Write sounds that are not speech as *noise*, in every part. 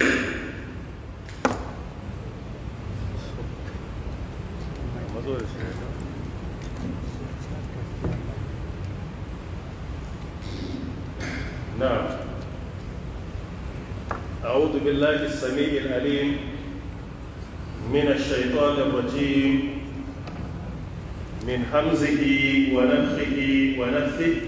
نعم أعوذ بالله السميع الأليم من الشيطان الرجيم من حمزه ونفخه ونفثه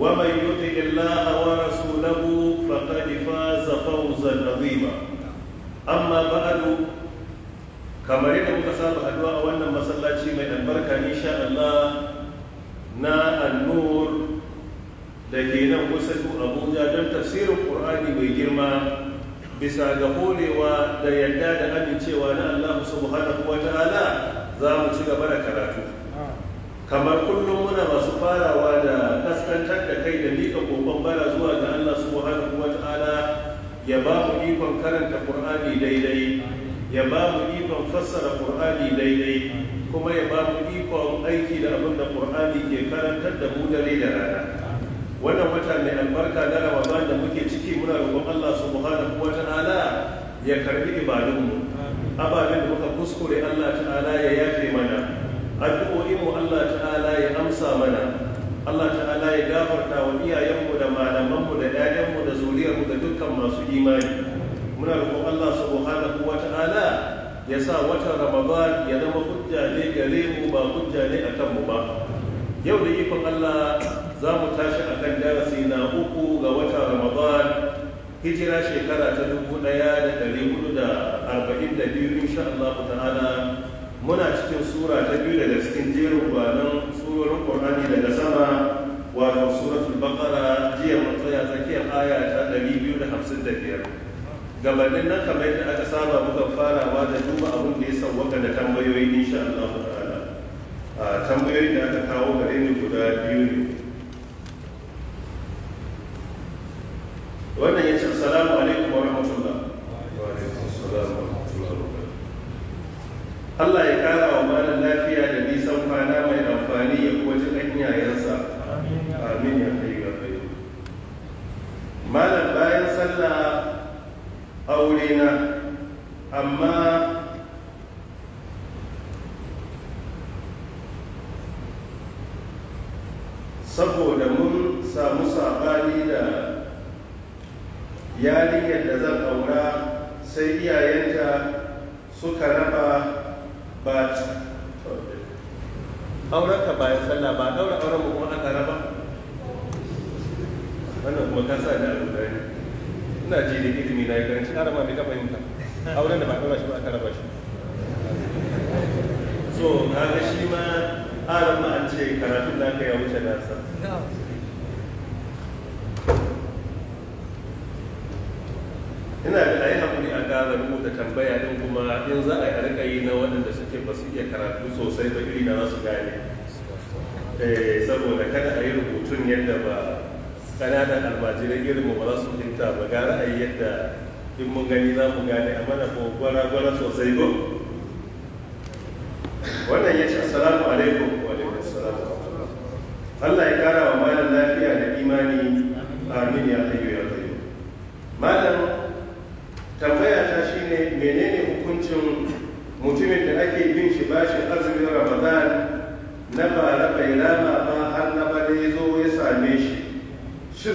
ومن يطع الله ورسوله فقد فاز فوزا Amma اما بعد kamar yadda muka saba haduwa a wannan masallaci mai albarka insha na annur da ke nan wasu abuja don tafsirin ƙur'ani mai girma bisa ga horewa da yadda da amincewa na Allah subhanahu wa ta'ala za mu ci gaba da karatu kamar kullum muna masu farawa da kaskantar da kai da miƙa kokon bara zuwa ga Allah subhanahu wata'ala ya ba mu ikon karanta ƙur'ani daidai ya ba mu ikon fassara ƙur'ani daidai kuma ya ba mu ikon aiki da abin da ke karantar da mu dare da rana wannan wata mai albarka na Ramadan da muke ciki muna roƙon Allah subhanahu wata'ala ya karbi ibadunmu ababen da muka kuskure Allah ta'ala ya yafe mana addu'o'i mu Allah ta'ala ya amsa mana Allah ta'ala ya gafarta wa iyayenmu da malamanmu da ƴaƴanmu da zuriyarmu da dukkan masu imani muna roƙon Allah subhanahu wa ta'ala ya sa watan Ramadan ya zama hujja ne gare mu ba hujja ne akan mu ba yau da ikon Allah za mu tashi a kan darasi na uku ga watan Ramadan hijira shekara ta dubu ɗaya da ɗari hudu da arba'in da biyu insha Allah ta'ala muna cikin sura ta biyu daga cikin jerin gwanon surorin ƙorani daga sama wato suratul baqara jiya mun tsaya tsakiyar aya ta biyar. gabanin nan kamar yadda aka saba muka farawa da duba abin da ya sauwaka da tambayoyi insha Allah ta'ala tambayoyin da aka kawo gare ni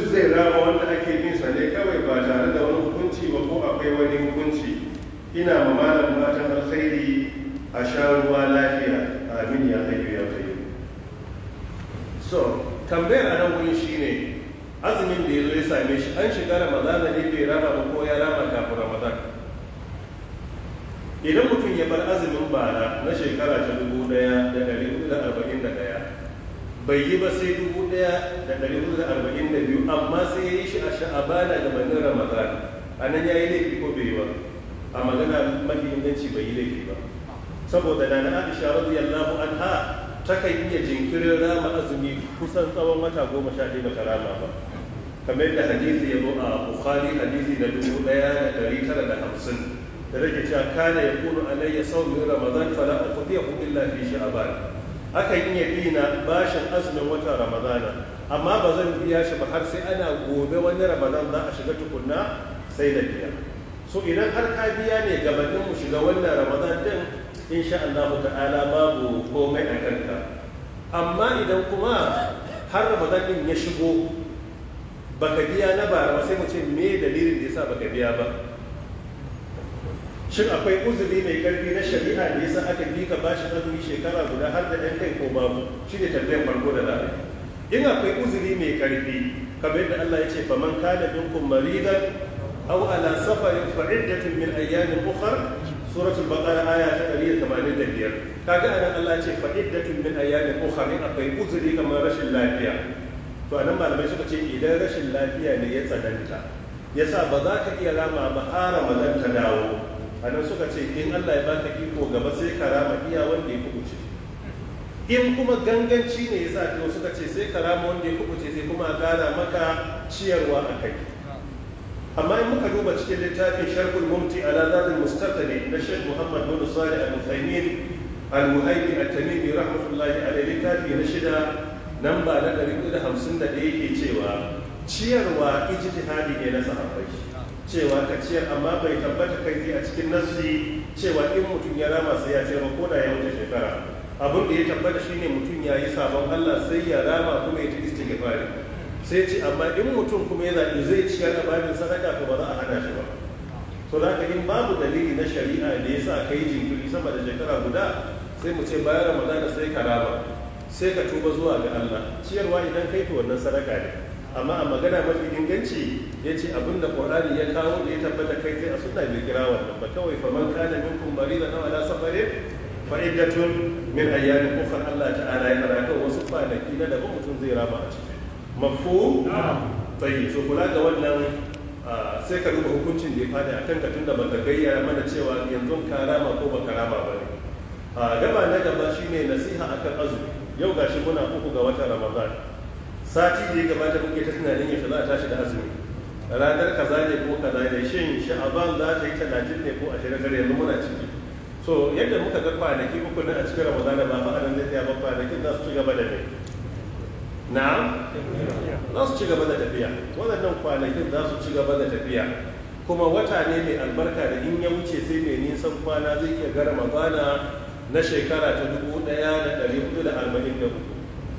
duk zai rama wanda ake bin sa ne kawai ba tare da wani hukunci ba ko akwai wani hukunci ina ma malam matan alkhairi a sha ruwa lafiya amin ya hayyu ya qayyu so tambayar a nan shi shine azumin da ya zo ya same shi an shiga ramadana ne bai rama ba ko ya rama kafin ramadan idan mutum ya bar azumin bara na shekara ta dubu daya da dari hudu da arba'in da daya bai yi ba sai dubu ɗaya da ɗari hudu da arba'in da biyu amma sai ya yi shi a sha'abana da manin ramadan a nan ya yi laifi ko bai yi ba a magana mafi inganci bai yi laifi ba saboda nana aisha radiyallahu ta takan iya jinkirin rama azumi kusan tsawon wata goma sha ɗaya bata rama ba kamar da hadisi ya zo a bukhari hadisi na dubu ɗaya da ɗari tara da hamsin da rage cewa kana ya kuru alayya saumin ramadan fala uqdiyahu lafi fi sha'ban hakan iya bi na bashin azumin watan ramadana amma ba zan biya shi ba har sai ana gobe wani ramadan za a shiga tukunna sai da biya so idan har ka biya ne gabanin mu shiga wannan ramadan din insha Allah ta'ala babu komai a kanka amma idan kuma har ramadan din ya shigo baka biya na ba sai mu ce me dalilin da yasa baka biya ba shin akwai uzuri mai karfi na shari'a ne yasa aka bi ka bashi azumi shekara guda har da ɗan kai ko babu shi ne tambayar farko da za in akwai uzuri mai karfi kamar yadda Allah ya ce faman kana minkum maridan aw ala safarin fa iddatun min ayyamin ukhra suratul baqara aya ta 185 kaga anan Allah ce fa iddatun min ayyamin ukhra in akwai uzuri kamar rashin lafiya to anan malamai suka ce idan rashin lafiya ne ya tsananta yasa ba za ka iya rama ba har ta dawo a nan suka ce in Allah ya baka iko gaba sai ka iya wanda ya kubuce in kuma ganganci ne ya sa suka ce sai karama wanda ya kubuce sai kuma a gara maka ciyarwa a kai amma in muka duba cikin littafin sharhul mumti ala mustafa mustaqbali na Sheikh Muhammad bin Salih al-Uthaymeen al-Muhaymin at-Tamimi rahmatullahi alayhi littafi na shida nan ba na 151 yake cewa ciyarwa ijtihadi ne na sahabbai cewa ka ce, amma bai tabbata kai a cikin nasi cewa in mutum ya rama sai ya ce ba ko da ya wuce shekara abin da ya tabbata shine mutum ya yi sabon Allah sai ya rama kuma ya ta istighfari sai ce amma in mutum kuma ya zaɓi zai ciyar da babin sadaka to ba za a hana shi ba to za ka yi babu dalili na shari'a da ya sa yi jinkiri sama da shekara guda sai mu ce bayan ramadana sai ka rama sai ka tuba zuwa ga Allah ciyarwa idan kai to wannan sadaka ne amma a magana mafi inganci ya ce abin da ƙorani ya kawo da ya tabbata kai sai a suna mai kira wannan ba kawai faman kana minkum marida da nawa na fa iddatun min ayyamin ukhra Allah ta'ala ya fara wasu kwanaki na da mutum zai rama a ciki mafhum tayyib so kula ga wannan sai ka duba hukuncin da ya fada akan ka tunda baka gayyara mana cewa yanzu ka rama ko ba ka rama ba ne gaba na gaba shine nasiha akan azu. yau gashi muna uku ga watan Ramadan sati da ya gabata muke ta tunanin yaushe za a tashi da azumi ranar kaza ne ko kaza ne shin sha'aban za ta yi talatin ne ko ashirin dare yanzu muna ciki so yadda muka ga kwanaki uku na a cikin ramadan ba fa anan zai tsaya ba kwanakin za su ci gaba da tafiya na za su ci gaba da tafiya waɗannan kwanakin za su ci gaba da tafiya kuma wata ne mai albarka da in ya wuce sai mai nisan kwana zai iya ga ramadana na shekara ta dubu ɗaya da ɗari hudu da arba'in da hudu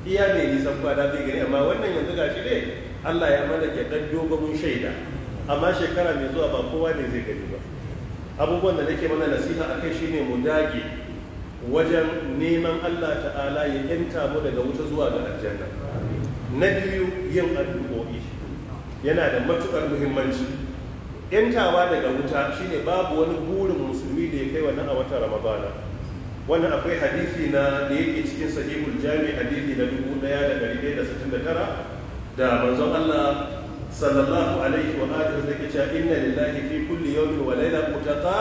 iya mai nisan kwana zai gari amma wannan yanzu ga shi ne Allah ya mana ke dan dogon shaida amma shekara mai zuwa ba kowa ne zai gani ba abubuwan da nake mana nasiha a shi shine mu dage wajen neman Allah ta'ala ya yanta mu daga wuta zuwa ga aljanna na biyu yin addu'o'i yana da matukar muhimmanci yantawa daga wuta shine babu wani burin musulmi da ya kai wannan a watan ramadana wannan akwai hadisi na da yake cikin sahihul jami hadisi na dubu daya da dari daya da sittin da tara da manzon Allah sallallahu alaihi wa alihi da ke cewa inna lillahi fi kulli yawmin wa layla mutaqa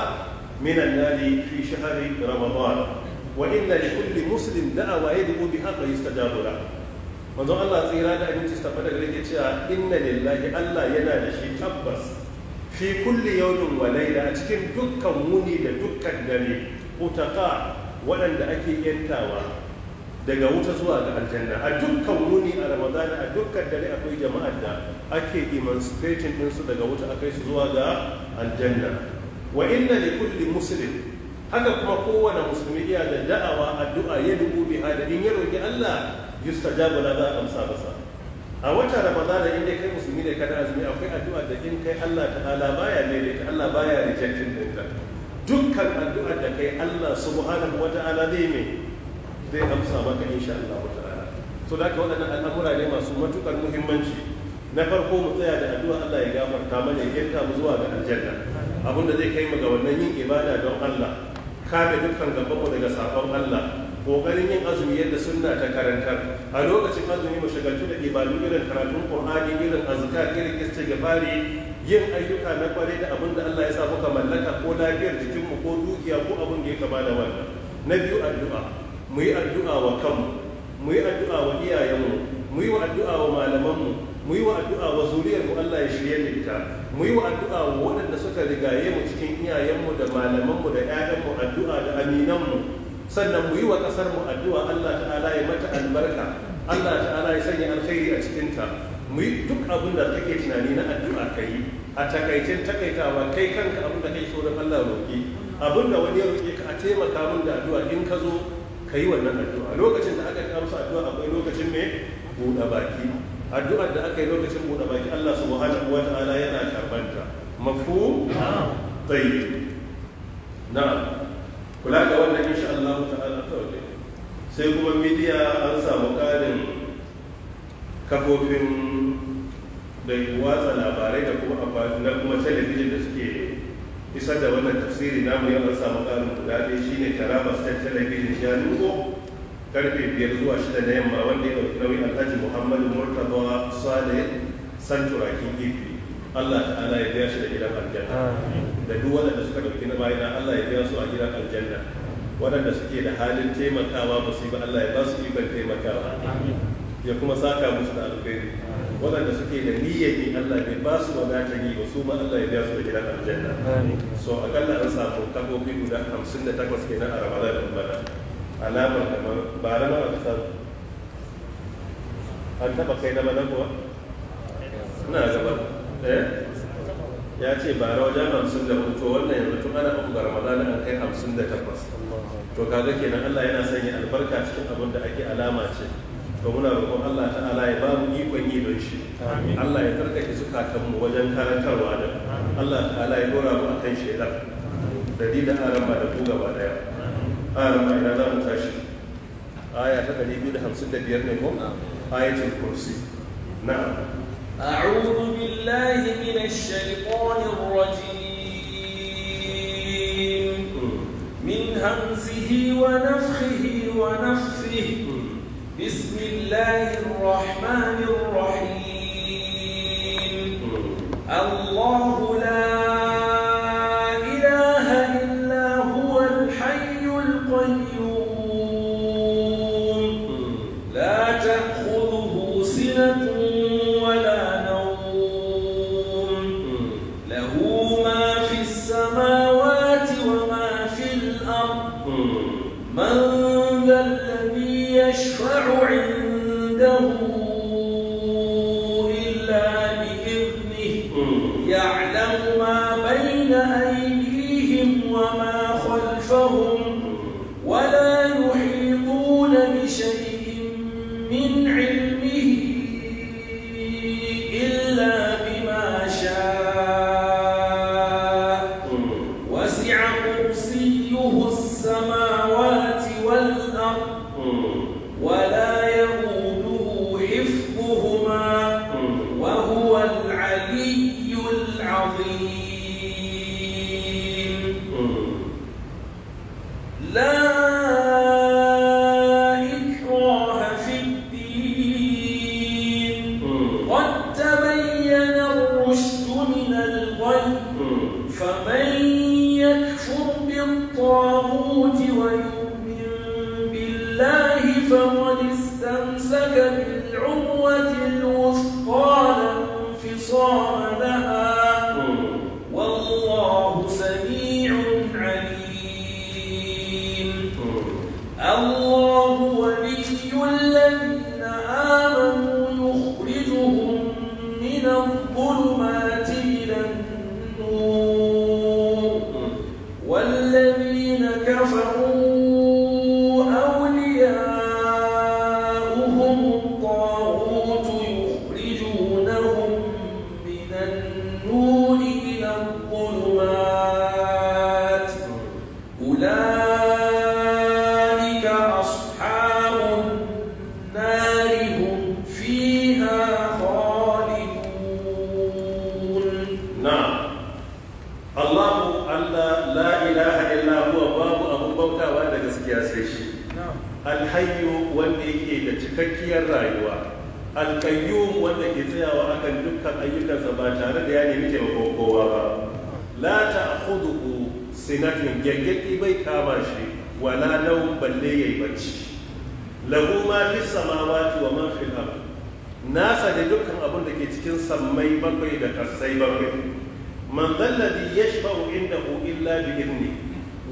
min an-nari fi shahri ramadan wa inna li kulli muslim da'awa yad'u biha fa yustajabu la manzon Allah tsira da abinci tabbata da yake cewa inna lillahi Allah yana da shi tabbas fi kulli yawmin wa layla cikin dukkan muni da dukkan dare mutaqa waɗanda ake yantawa daga wuta zuwa ga aljanna a dukkan wuni a ramadana a dukkan dare akwai jama'ar da ake emancipating ɗinsu daga wuta akai su zuwa ga aljanna wa inna li kulli muslim haka kuma kowane musulmi iya da da'awa addu'a ya dubu biha da in ya roki Allah yustajabu la za a amsa basa. a wata ramadana dai kai musulmi ne kana azumi akwai addu'a da in kai Allah ta'ala baya ne ta Allah baya rejecting ɗinka dukkan addu'ar da kai Allah subhanahu wa ta'ala zai mai zai amsa maka insha Allah wa ta'ala so da waɗannan al'amura ne masu matuƙar muhimmanci na farko mu tsaya da addu'a Allah ya gafarta mana ya kirka mu zuwa ga aljanna abin da zai kai mu ga wannan yin ibada don Allah kame dukkan gaban daga sabon Allah kokarin yin azumi yadda sunna ta karantar a lokacin azumi mu shagaltu da ibadu irin karatun Qur'ani irin azkar irin istighfari yin ayyuka na kwarai da abin da Allah ya sa muka mallaka ko lafiyar jikinmu ko dukiya ko abin da ya kama da wannan na biyu addu'a mu yi addu'a wa kanmu mu yi addu'a wa iyayenmu mu yi wa addu'a wa malamanmu mu yi wa addu'a wa zuriyarmu Allah ya shirye da ita mu yi wa addu'a wa waɗanda suka rigaye mu cikin iyayenmu da malamanmu da ƴaƴanmu addu'a da aminanmu sannan mu yi wa ƙasarmu addu'a Allah ta'ala ya mata albarka Allah ta'ala ya sanya alkhairi a cikinta mu yi duk abin da take tunani na addu'a ka yi a takaicen takaitawa kai kanka abin da kai tsoron Allah roƙi abin da wani ya roke ka a taimaka min da addu'a in ka zo ka yi wannan addu'a lokacin da aka amsa addu'a akwai lokacin mai buɗe baki addu'ar da aka yi lokacin buɗe baki Allah subhanahu wa ta'ala yana karɓar ta mafu tayyib na kula ga wannan insha Allah ta'ala sai kuma midiya an samu ƙarin kafofin da watsa labarai da kuma na kuma talabijin da suke isar da wannan tafsiri namu yau an samu ƙarin guda ɗaya shine taraba state ya nuko karfe biyar zuwa shida na yamma wanda ya ɗauki nauyin alhaji muhammadu murtaba saleh santurakin ibi allah ta'ala ya biya shi da gidan aljanna da duk waɗanda suka ɗauki na bayan allah ya biya su a gidan aljanna waɗanda suke da halin taimakawa ba su yi ba allah ya ba su ikon taimakawa ya kuma saka musu da alkhairi waɗanda suke da niyyar yin Allah ne ba su wadatar yi wasu su ma Allah ya biya su da gidan aljanna so akalla an samu takobi guda hamsin da takwas kenan a ramadan da bana alamar kamar ba rana ba ta an taɓa kai na bana kuwa ina gaba eh ya ce ba rawa wajen hamsin da hutu wannan yanzu tun ana abu ga ramadan an kai hamsin da takwas to kaga kenan Allah yana sanya albarka cikin abin da ake alama ce to muna roƙon Allah ta'ala ya ba mu ikon yi don shi Allah ya karkace zukatanmu wajen karantarwa da Allah ta'ala ya dora mu akan shaidan da da arama da ku gaba daya arama ina za mu tashi aya ta ɗari biyu da da hamsin 255 ne ko ayatul kursi na'am أعوذ بالله من الشيطان الرجيم من همزه ونفخه ونفثه بسم الله الرحمن الرحيم الله indahu illa bi idni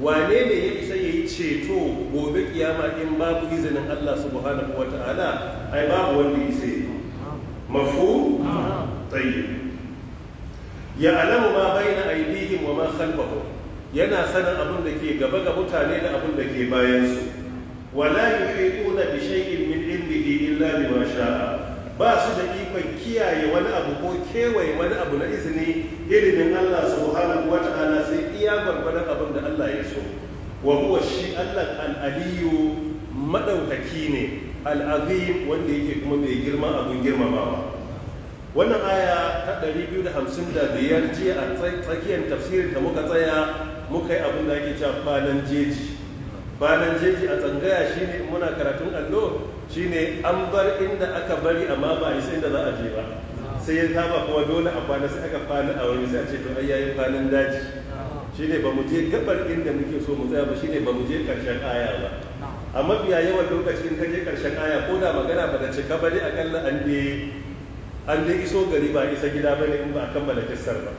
wane ne ya isa yayi ceto gobe kiyama in babu izinin Allah subhanahu wa ta'ala ai babu wanda ya isa mafu tayyib ya alamu ma baina aydihim wa ma khalfahum yana sanin abin da ke gaba ga mutane da abin da ke bayan su wala yuhituna bi shay'in min ilmihi illa bima sha'a ba su da ikon kiyaye wani abu ko kewaye wani abu na izini ilimin Allah subhanahu wa ta'ala sai iya gwargwadon abin da Allah ya so wa huwa shi Allah al-aliyu madaukaki ne al wanda yake kuma mai girma abun girmamawa wannan aya ta ɗari 255 jiya a tsakiyar tafsirin da muka tsaya muka yi abin da ake cewa jeji banan jeji a tsangaya shine in muna karatun allo shine an bar inda aka bari amma ba a yi sai inda za a je ba sai ya kama kuma dole a kwana sai aka kwana a wani sai a ce to ai yayin kwanan daji shine ba mu je gabar inda muke so mu tsaya ba shine ba mu je karshen aya ba a mafiya yawan lokaci in ka je karshen aya ko da magana ba ta cika ba dai akalla an je an iso gari ba isa gida ba ne in ba a kammala kissar ba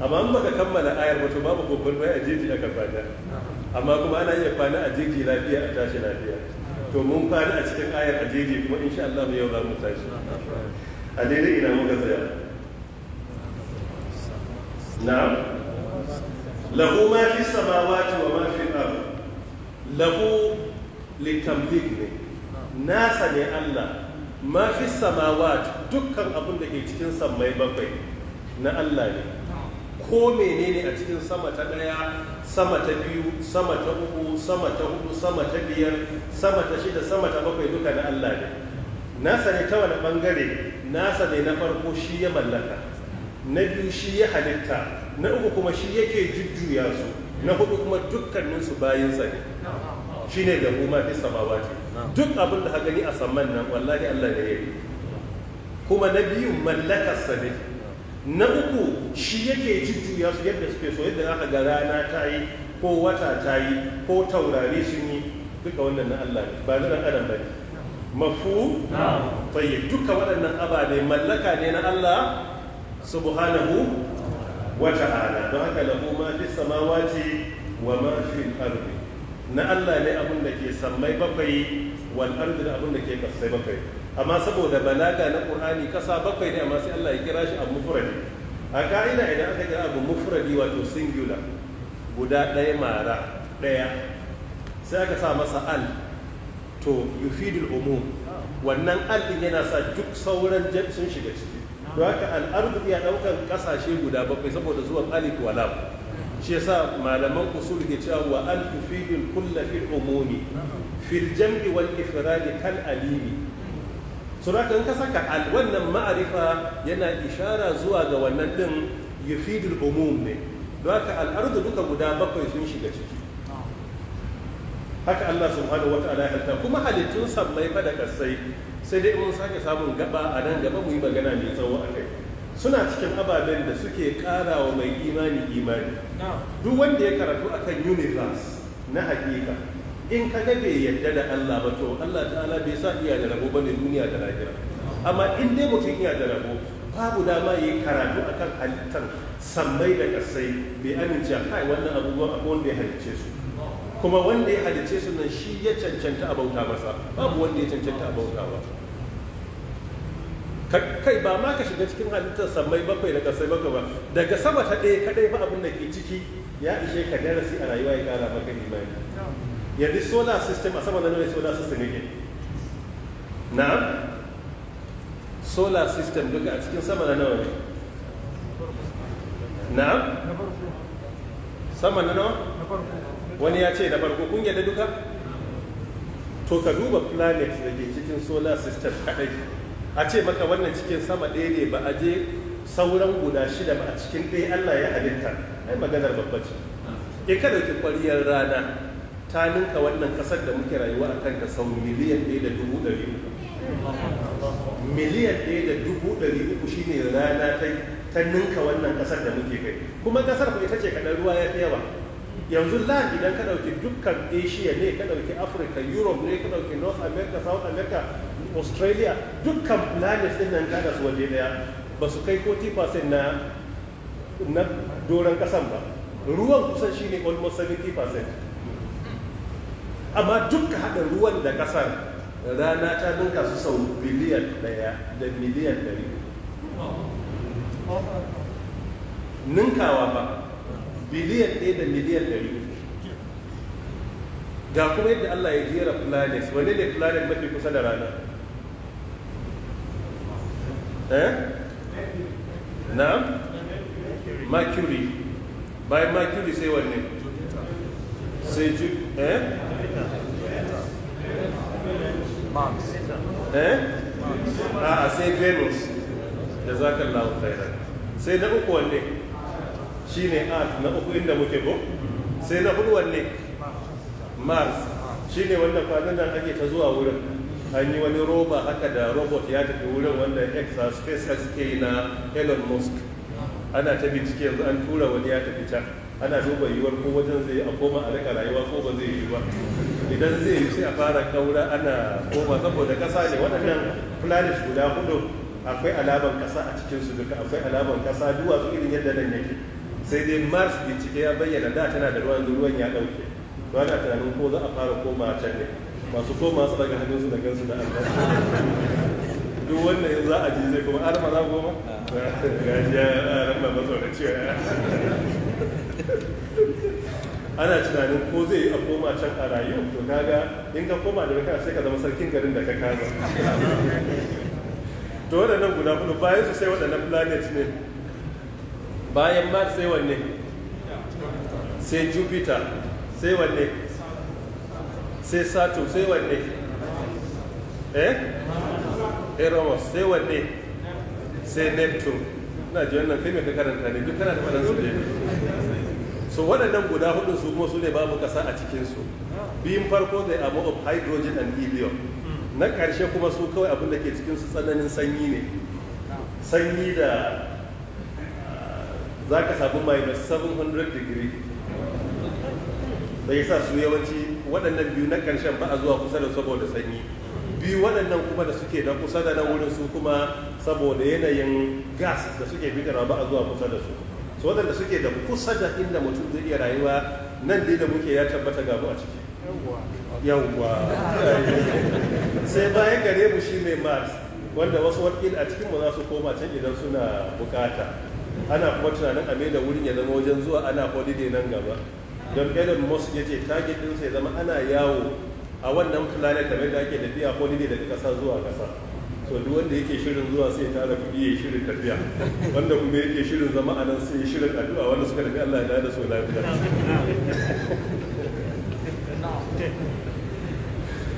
amma in baka kammala ayar ba to babu kokon bai a jeji aka fada amma kuma ana iya kwana a jeji lafiya a tashi lafiya to mun kwana a cikin ayar a jeji kuma insha Allah yau za mu tashi a daidai ina muka tsaya na lahu ma fi samawati wa ma fi ardh lahu litamlik ne nasa ne Allah ma fi samawati dukkan abin da ke cikin sammai bakwai na Allah ne ko menene a cikin sama ta ɗaya sama ta biyu sama ta uku sama ta hudu sama ta biyar sama ta shida sama ta bakwai duka na Allah ne nasa ne ta wani bangare nasa ne na farko shi ya mallaka na biyu shi ya halitta na uku kuma shi yake jujjuya su na hudu kuma dukkanin su bayan sa ne da kuma fi samawati duk abin da ka gani a saman nan wallahi Allah ne ya yi kuma na biyu mallakarsa ne na uku shi yake jujjuya su yadda suke so yadda aka ga rana ta yi ko wata ta yi ko taurari sun yi duka wannan na Allah ne ba na adam ba ne mafu tsaye duka waɗannan ababe mallaka ne na Allah subhanahu wa ta'ala don haka lahu ma fi samawati wa ma fi ardi na Allah ne abin da ke sammai bakwai wal ardi da abin da ke kasai bakwai amma saboda balaga na ƙur'ani, kasa bakwai ne amma sai Allah ya kira shi abu mufradi a ka'ida idan aka kira abu mufradi wato singular guda ɗaya mara ɗaya sai aka sa masa al to yufidul umum wannan al din yana sa duk sauran sun shiga ciki To haka al'ardu ya ɗaukar ƙasashe guda bakwai saboda zuwan alif wa lam shi yasa malaman usul ke cewa wa al tufidul kulla fil umumi fil jam'i wal ifradi kal alimi suraka in ka al wannan ma'arifa yana ishara zuwa ga wannan din yufidul umum ne don haka al'ardu duka guda bakwai sun shiga ciki haka Allah subhanahu wa ta'ala halitta kuma halittun sammai fa da kasai sai dai mun sake samun gaba a nan gaba mu yi magana mai tsawo a kai suna cikin ababen da suke ƙara wa mai imani imani duk wanda ya karatu akan universe na hakika in ka ga bai yarda da Allah ba to Allah ta'ala bai sa iya da rabo bane duniya da lahira amma in dai mutum iya da rabo babu dama yi karatu akan halittar sammai da kasai bai amince kai wannan abubuwan akwai wanda ya halicce su kuma wanda ya halicce su nan shi ya cancanta a bauta masa babu wanda ya cancanta a bauta ba kai ba ma ka shiga cikin halittar sammai bakwai da kasai baka ba daga sama ta ɗaya kaɗai ba abin da ke ciki ya ishe ka darasi a rayuwa ya ƙara maka imani यदि solar system असां मञंदा nuna solar system yake? Na, solar system duka a cikin sama na nawa ne na sama na nawa wani ya ce na farko kun yadda duka to ka duba planet da ke cikin solar system kadai a ce maka wannan cikin sama ɗaya ne ba a je sauran guda shida ba a cikin ɗaya allah ya halitta ai maganar babbaci in ka dauki kwariyar rana ta ninka wannan kasar da muke rayuwa a kanta sau miliyan ɗaya da dubu ɗari uku miliyan ɗaya da dubu ɗari uku shine rana ta ta ninka wannan kasar da muke kai kuma kasar ku ita ce kaɗan ruwa ya fi yawa yanzu land idan ka ɗauki dukkan asia ne ka ɗauki africa europe ne ka ɗauki north america south america australia dukkan planets ɗin nan kada su waje daya ba su kai 40% na na doron kasan ba ruwan kusan shine almost 70% amma duk ka haɗa ruwan da ƙasar rana ta dinka su sau biliyan ɗaya da miliyan ɗari ninkawa ba biliyan ɗaya da miliyan ɗari ga kuma yadda Allah ya jera planet wane ne planet mafi kusa da rana eh na'am mercury bayan mercury sai wanne sai eh eh a sai venus na uku wanne shine earth na uku inda muke ko sai na hudu wanne mars shine wanda kwanan nan ake ta zuwa wurin an yi wani roba haka da robot ya tafi wurin wanda extra space suke na elon musk ana ta bincike yanzu an tura wani ya tafi can ana duba yiwuwar ko wajen zai a koma a rayuwa ko ba zai idan zai yi sai a fara kaura ana koma saboda kasa ne waɗannan planet guda hudu akwai alaman kasa a cikin su duka akwai alaman kasa duwatsu irin yadda nan yake sai dai mars cike ya bayyana da tana da ruwan ruwan ya ɗauke ba ana tunanin ko za a fara koma a can ne masu koma su daga hannun su da gansu da duk wanda in za a ji zai kuma arma za goma ya ji ya ana tunanin ko zai yi a koma can a rayu to kaga in ka koma da kai sai ka zama sarkin garin da ka kama to waɗannan guda hudu bayan su sai waɗannan planet ne bayan mars sai wanne sai jupiter sai wanne sai saturn sai wanne eh Eros sai wanne sai neptune na ji wannan kai mai ka karanta ne duk kana da waɗansu ne so waɗannan guda hudu su kuma su ne babu ƙasa a cikinsu biyun farko da abu of hydrogen and helium na ƙarshe kuma su kawai abin da ke cikinsu tsananin sanyi ne sanyi da ah, za ka samu da 700 degree da sa su yawanci waɗannan biyu na ƙarshen ba a zuwa kusa da saboda sanyi biyu waɗannan kuma da suke na kusa da na wurin su kuma saboda yanayin gas da suke fitarwa ba a zuwa kusa da su to waɗanda suke da kusa da inda mutum zai iya rayuwa nan dai da muke ya tabbata ga a ciki yawwa sai bayan gare mu shi mai mat wanda wasu wakil a cikin mu za su koma can idan suna bukata ana kuma tunanin a da wurin ya zama wajen zuwa ana holiday nan gaba don elon musk ya ce target ɗinsa ya zama ana yawo a wannan planet da ake tafiya holiday da ƙasa zuwa kasa. so duk wanda yake shirin zuwa sai tara kuɗi ya shirin tafiya wanda kuma yake shirin zama a nan sai shirin addu'a wanda suka tafi Allah ya da so lafiya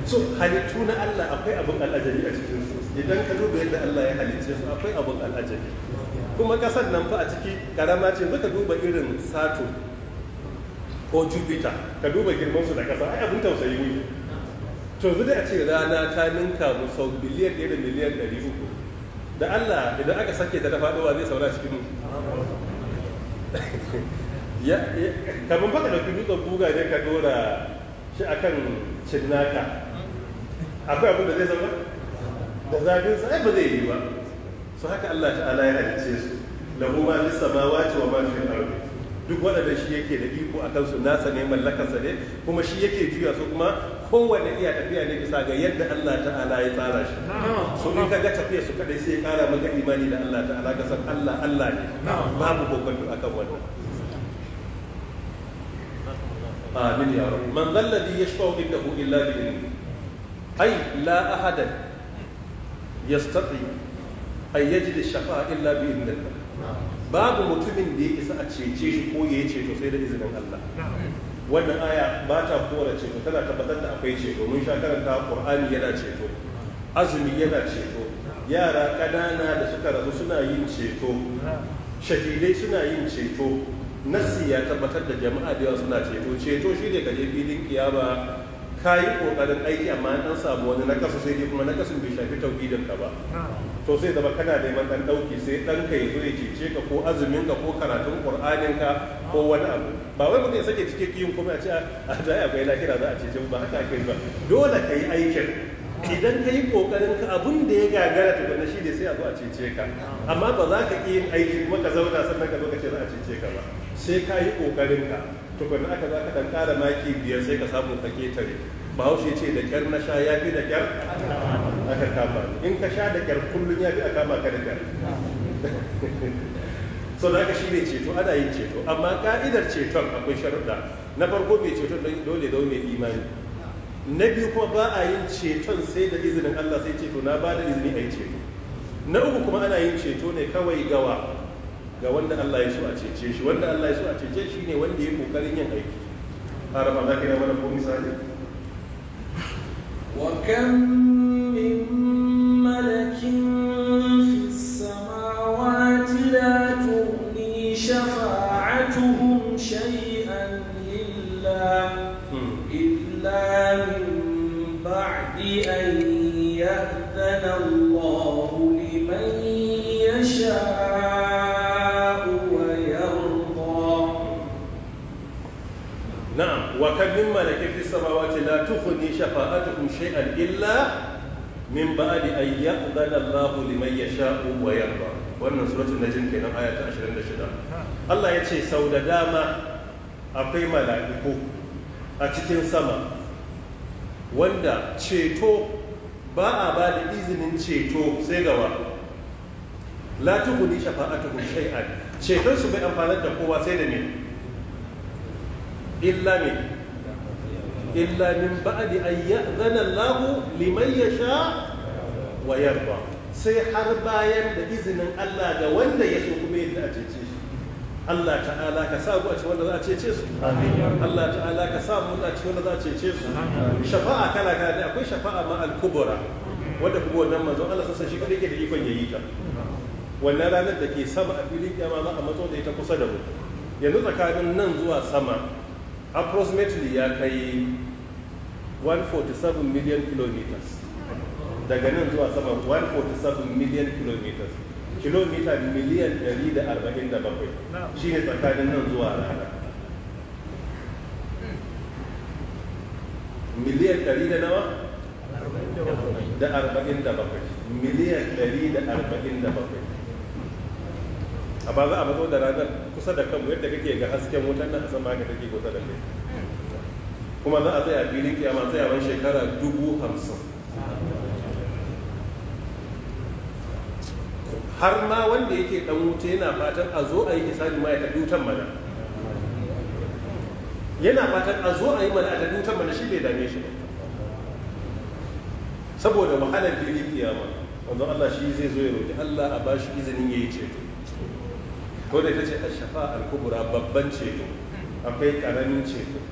so halittu na Allah akwai abin al'ajabi a cikin su idan ka duba yadda Allah ya halicce su akwai abin al'ajabi kuma kasar nan fa a ciki karama ce zaka duba irin Saturn ko Jupiter ka duba girman su da kasa ai abin tausayi ne to yanzu da a ce rana ta ninka mu sau biliyan ɗaya da miliyan ɗari uku da Allah idan aka sake ta da faɗowa zai saura cikin mu *laughs* kamar baka da kudu tsan buga ne ka dora shi akan cinnaka akwai abin da zai zama da zafin sa ba zai yi ba su haka Allah ta'ala ya halice su lahu ma fi samawati wa ma fi ardi duk waɗanda shi yake da iko akan su nasa ne mallakarsa ne kuma shi yake juya su kuma kowane iya tafiya ne bisa ga yadda Allah ta'ala ya tsara shi so in ka ga tafiya su kadai sai ya kara maka imani da Allah ta'ala ka san Allah Allah ne babu kokonto akan wannan amin ya rabu man zalladhi yashfa'u indahu illa bi idhnihi ay la ahadan yastati ay yajid shafa'a illa bi idhnillah babu mutumin da ya isa a cece shi ko ya ce to sai da izinin Allah wannan aya ba ta kora ceto tana tabbatar da akwai ceto mun sha karanta qur'ani yana ceto azumi yana ceto yara ƙanana da suka rasu suna yin ceto shahidai suna yin ceto nasi ya tabbatar da jama'a da yawa suna ceto ceto shi ne gaje filin kiyama ka yi ƙoƙarin aiki amma an samu wani nakasu sai dai kuma nakasun bai shafi tauhidin ka ba ah. to sai zama kana neman ɗan dauki sai ɗanka ka zo ya cece ka ko azumin ka ko karatun ƙur'anin ka ko wani abu ba wai mutum ya sake cike kiyin kuma a ce ah, a zai akwai lahira za a cece ba haka ake ba dole ka yi aikin idan ka yi ka abun da ya gagara tukuna shi ne sai a zo a cece ka amma ba za ka iya yin aiki kuma ka zauna sannan ka zo ka ce za a cece ka ba sai ka yi ka tukunna aka za ka dan kara maki biyar sai ka samu ka ketare bahaushe ce da kyar na sha ya fi da kyar aka kama in ka sha da kyar kullum ya fi a kama ka da kyar *laughs* so da aka shi ne ceto ana yin ceto amma ka'idar ceton akwai sharuɗa na farko mai ceton dole dole mai imani na biyu kuma ba a yin ceton sai da izinin Allah sai ceto na ba da izini a yi ceto na uku kuma ana yin ceto ne kawai gawa ga wanda Allah ya so a cece shi wanda Allah ya so a cece shi ne wanda ya kokarin yin aiki harama za ka yi mana ko misali wa kam min malakin fi samawati la tughni shafa'atuhum shay'an illa hmm. illa min ba'di an min malakin fi samawati la tukhni shafa'atukum shay'an illa min ba'di an ya'dhana Allahu liman yasha'u wa yarda wannan suratul najm kenan aya ta 26 Allah ya ce sau da dama akwai mala'iku a cikin sama wanda ceto ba a ba da izinin ceto sai gawa la tukhni shafa'atukum shay'an ceton su bai amfanar da kowa sai da ne illa ne illa min ba'di an ya'zana Allah liman yasha wa yarda sai har bayan da izinin Allah ga wanda ya so kuma yadda a cece shi Allah ta'ala ka sa wanda za cece su Allah ta'ala ka sa wanda za cece su shafa'a kala kala ne akwai shafa'a ma al-kubra wanda kuma wannan manzo Allah ke da ta ranar da ke sama a filin a matso kusa da mu yanzu tsakanin nan zuwa sama approximately ya kai 147 million kilometers daga nan zuwa sama 147 million kilometers kilomita miliyan 147 shi ne tsakanin nan zuwa rana miliyan 100 da nawa da 47 miliyan 147 a ba za a mazo da ranar kusa da kanmu yadda kake ga hasken wutan nan a sama haka take kusa da kai kuma za a tsaya filin kiyama tsayawan shekara dubu hamsin har ma wanda yake dan wuce yana fatan a zo a yi isa ma ya tafi wutan mana yana fatan a zo a yi mana a tafi wutan mana shi bai dame shi ba saboda wahalar filin kiyama wanda Allah shi zai zo ya roƙi Allah a bashi izinin ya yi ceto ko da ita ce a shafa al babban ceto akwai karamin ceto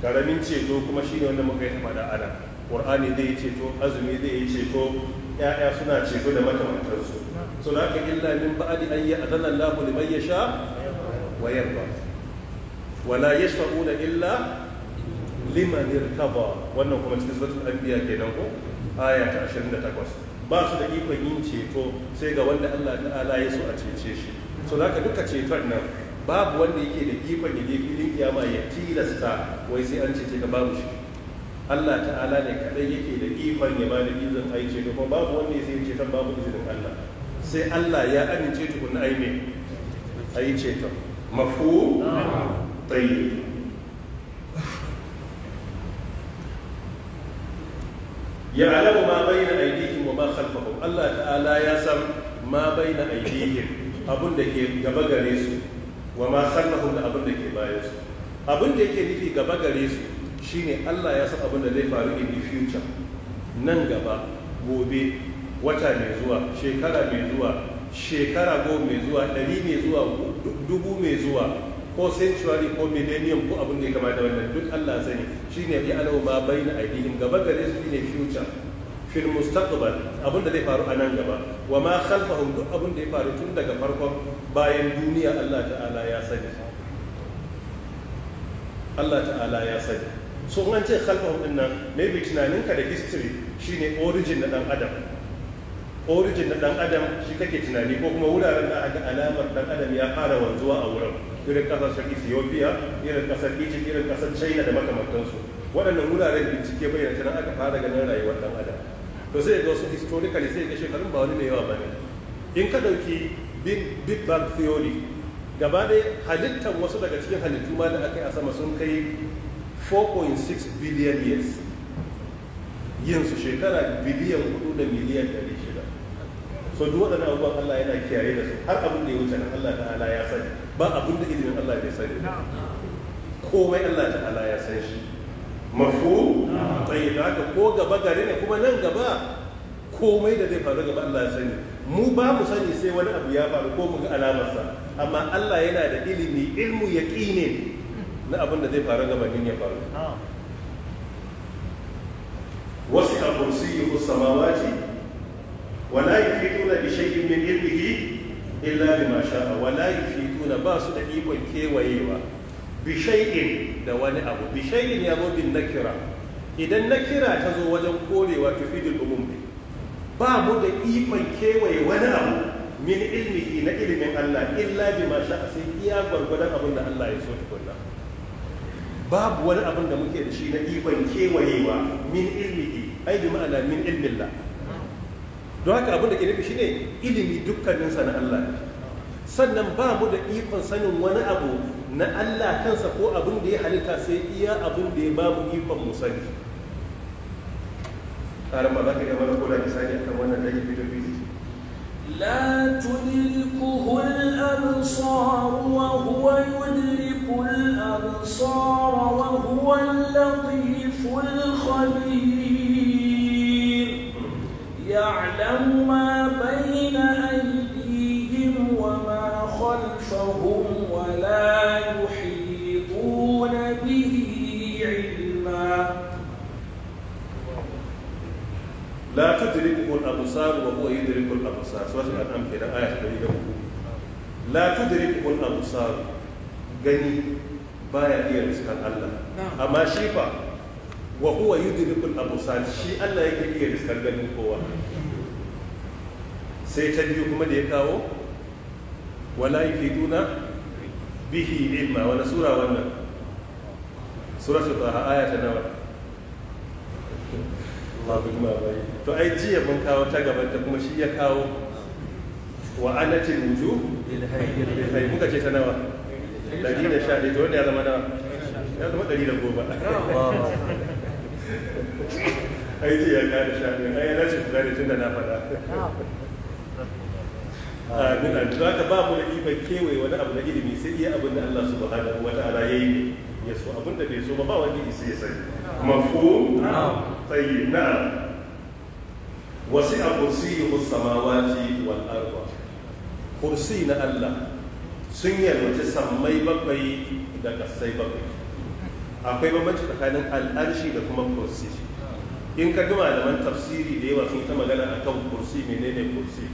karamin ceto kuma ne wanda muka yi da ana qur'ani zai yi ceto azumi zai yi ceto ya'ya suna ceto da makamantarsu so na ka illa min ba'di an ya'dana Allahu liman yasha wa yarda wala yashfa'una illa liman irtaba wannan kuma cikin suratul anbiya kenan ko aya ta 28 ba su da ikon yin ceto sai ga wanda Allah ta'ala ya so a cece shi so da duka ceton nan babu wanda yake da ikon ya je filin kiyama ya tilasta wai sai an ce ka babu shi Allah ta'ala ne kadai yake da ikon ya bada izin aice, ce kuma babu wanda ya sai ceton babu izinin Allah sai Allah ya amince tukun ai me ai ceton mafu tayyib alamu ma bayna aydihim wa ma khalfahum Allah ta'ala ya san ma bayna aydihim abin da ke gaba gare su wa ma khalfahum da abin da ke bayan su abin da yake nufi gaba gare su shine Allah ya san abin da zai faru in the future nan gaba gobe wata mai zuwa shekara mai zuwa shekara go mai zuwa ɗari mai zuwa dubu mai zuwa ko century ko millennium ko abin da ya kamata wannan duk Allah sani shine ya alawa ma bayyana aidihim gaba gare su shine future fil mustaqbal abinda zai faru a nan gaba wa ma khalfahum duk abinda ya faru tun daga farkon bayan duniya Allah ta'ala ya sani Allah ta'ala ya sani so an ce khalfahum din nan tunanin tunaninka da history shine origin na dan adam origin na dan adam shi kake tunani ko kuma wuraren da aka alamar dan adam ya fara wanzuwa a wurin irin kasashen Ethiopia irin kasar Egypt irin kasar China da makamantansu waɗannan wuraren bincike bayyana tunan aka fara ganin rayuwar dan adam to zai ga su historically sai ga shekarun ba wani mai yawa ba ne in ka ɗauki big bang theory gaba ɗaya halittar wasu daga cikin halittu ma da aka yi a sama sun kai 4.6 billion years Yanzu shekara biliyan 4 da miliyan 600 so duk waɗannan abubuwan Allah yana kiyaye da su har abin da ya wuce nan Allah ala ya sani ba abin da ilimin Allah bai sani komai Allah ala ya san shi mafu bai da haka ko gaba gari ne kuma nan gaba komai da zai faru gaba Allah ya sani mu ba mu sani sai wani abu ya faru ko mu ga alamarsa amma Allah yana da ilimi ilmu yaqini na abin da zai faru gaba din ya faru وسع كرسيه السماوات ولا يحيطون بشيء من علمه إلا بما شاء ba su da إيكو kewayewa. Bishayin da wani abu bishayin ya zo bin nakira idan nakira ta zo wajen korewa fi umum ne ba mu da ikon kewaye wani abu min ilmihi na ilimin Allah illa bi ma sha sai iya gwargwadon abin da Allah ya so tukunna babu wani abin da muke da shi na ikon kewayewa min ilmihi ai bi ma'ana min Allah don haka abin da ke nufi shine ilimi dukkaninsa na Allah ne sannan ba mu da ikon sanin wani abu na Allah kansa ko abin da ya halitta sai iya abin da ya ba mu ikon mu sani tsarin ba za ka gaba da kola misali akan wannan da La rage bidiyo bidiyo لا تدركه الأبصار وهو يدرك الأبصار وهو اللطيف الخبير يعلم ما la tudrikuhu al-absar wa huwa yudriku al-absar suratul an'am da aya ta 103 la tudrikuhu al-absar gani baya iya riskan Allah amma shi fa wa huwa yudriku al-absar shi Allah yake iya riskan ganin kowa sai ta biyu kuma da ya kawo wala yufiduna bihi ilma wani sura wannan suratul taha aya ta nawa Allahu akbar to ai jiya mun kawo ta gaban ta kuma shi ya kawo wa anatin wuju ilhai muka ce ta nawa dari da sha to wanda ya zama nawa ya zama dari da goma *laughs* ai jiya ya kare sha ɗaya ai yana ce kula da tun da na faɗa ah. amin amin za ka ba mu da ibar kewaye wani abu na ilimi sai iya abin da Allah subhanahu wata ala ya yi ya so abin da bai so ba ba wani isi ya sani mafu tayyib na'am wasu a kursiyi samawati wal arba kursi na Allah sun yalwaci sammai bakwai da kasai bakwai akwai bambanci tsakanin al'arshi da kuma kursi in ka gama da tafsiri da yawa sun ta magana a kan kursi menene kursi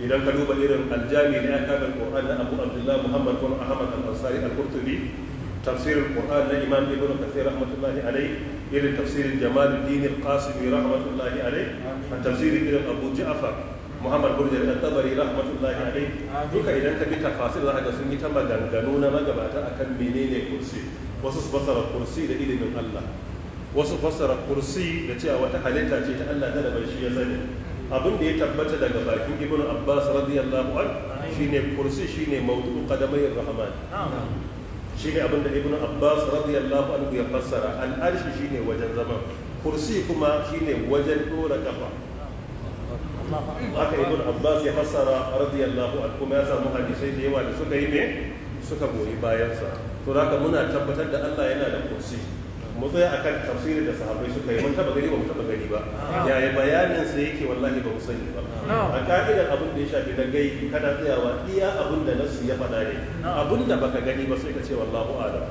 idan ka duba irin aljami na aka ga ƙoran na abu abdullahi muhammad wani ahmad al-ansari al-kurtubi tafsirin ƙoran na imam ibn kathir rahmatullahi Alayhi. irin tafsirin jamaluddin al-qasimi rahmatullahi alai a tafsirin irin abu ja'far muhammad burjar al-tabari rahmatullahi alai duka idan ka bi tafasir za ga sun yi ta maganganu na magabata akan menene kursi wasu su kursi da ilimin allah wasu fassara kursi da cewa wata halitta ce ta allah ta daban shi ya sani abin da ya tabbata daga bakin ibn abbas radiyallahu an shine kursi shine mawdu'u qadamayir rahman shi ne abinda ibn abbas radiyallahu anhu ya fassara al'arshi shi ne wajen zama kursi kuma shi ne wajen dora kafa haka ibn abbas ya fassara radiyallahu anhu kuma ya samu hadisai da yawa da suka yi ne suka goyi bayansa to haka muna tabbatar da allah yana da kursi mu tsaya akan tafsirin da sahabbai suka yi mun taba gani ba mu taba gani ba yaya bayanin sa yake wallahi ba mu sani ba a ka'idar abin da ya shafi na gaibi kana tsayawa iya abin da nasu ya faɗa ne abin da baka gani ba sai ka ce wallahu alam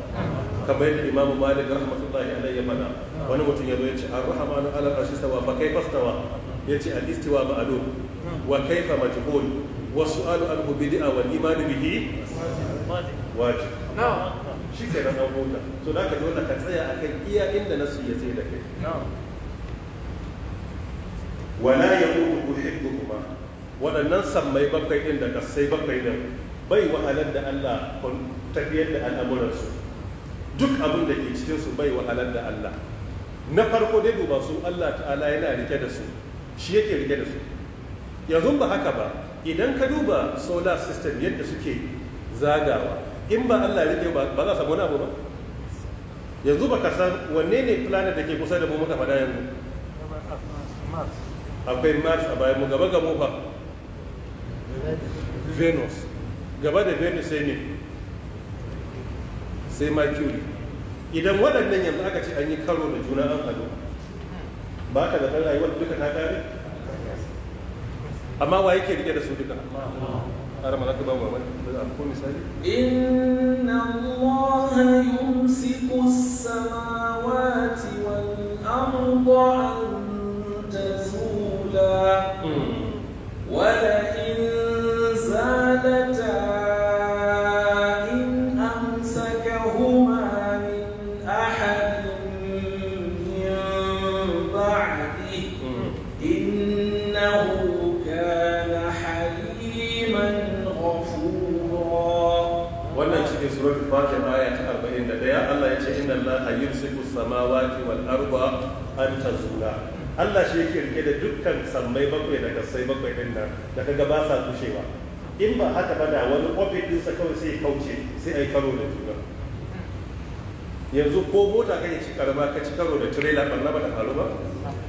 kamar yadda imamu malik rahmatullahi alaihi ya faɗa wani mutum ya zo ya ce an rahamanu ala arshi sawa fa kaifa stawa ya ce al istiwa ma'lum wa kaifa majhul wa su'alu anhu bid'a wal iman bihi wajib na'am shi ke nan an huta so da ka dole ka tsaya akan iya inda nasu ya ce da kai wala ya yaqudu ba? waɗannan sammai bakwai ɗin da kasai bakwai ɗin bai wahalar da Allah tafiyar da al'amuransu duk abin da ke cikinsu bai wahalar da Allah na farko dai duba su Allah ta'ala yana rike da su shi yake rike da su yanzu ba haka ba idan ka duba solar system yadda suke zagawa in ba Allah rike ba ba za samu wani abu ba yanzu ba ka san wanne ne planet da ke kusa da mu muka faɗa yanzu akwai mars a bayan mu gaba ga mu fa venus gaba da venus sai ne sai mercury idan waɗannan yanzu aka ce an yi karo da juna an hado ba ka da rayuwar duka ta kare amma wa yake rike da su duka ara ma ba wa wani da ko misali inna yumsiku as-samawati wal هدى ولئن زادتا إن أمسكهما من أحد من surar fatin aya ta arba'in da ɗaya Allah ya ce inna Allah yumsiku samawati wal arda an tazula Allah shi yake rike da dukkan sammai bakwai da kasai bakwai din da kaga ba sa tushewa in ba haka ba da wani ofis din sa kawai sai kauce sai ai karo da juna yanzu ko mota kake ci karama ka ci karo da trailer ba da faru ba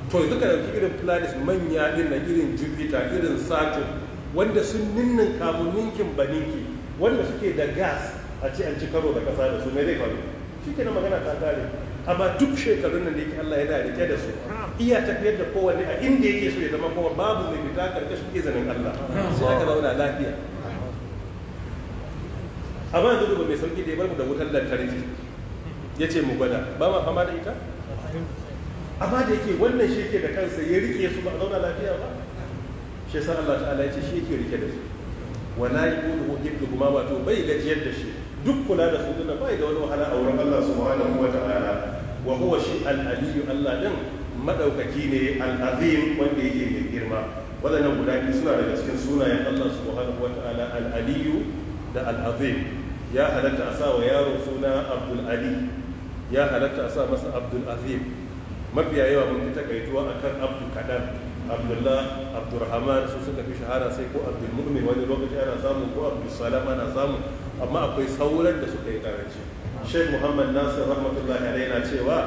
to duka da irin planet manya din na irin Jupiter irin Saturn wanda sun ninnin kamun ninkin baninki wanda suke da gas a ce an ci karo da kasa da su mai zai faru shi na magana ta kare amma duk shekarun nan da yake Allah yana rike da su iya tafiyar da kowanne a inda yake so ya zama kowa babu mai fita karkashin izinin Allah sai aka zauna lafiya amma yanzu duba mai sauki da ya bar mu da wutar lantarki ya ce mu gwada ba ma fama da ita amma da yake wannan shi ke da kansa ya rike su ba a zauna lafiya ba shi sa Allah ta'ala ya ce shi yake rike da su wala yuqulu hibbu ma wato bai gajiyar da shi duk kula da su dinnan bai da wani wahala a wurin Allah subhanahu wa ta'ala wa huwa shi al-aliyu Allah din madaukaki ne al wanda yake mai girma wadannan guda biyu suna daga cikin sunayen Allah subhanahu wa Ta'ala aliyu da al ya halatta a sa wa yaro suna Abdul Ali ya halatta a sa masa Abdul Azim mafiya yawa mun ta takaituwa akan Abdul Kadan abdullah abdurrahman su suka fi shahara sai ko abdulmumin wani lokaci ana samu ko abdulsalam ana samu amma akwai sauran da suka yi karanci sheikh muhammad nasir rahmatullahi alaihi yana cewa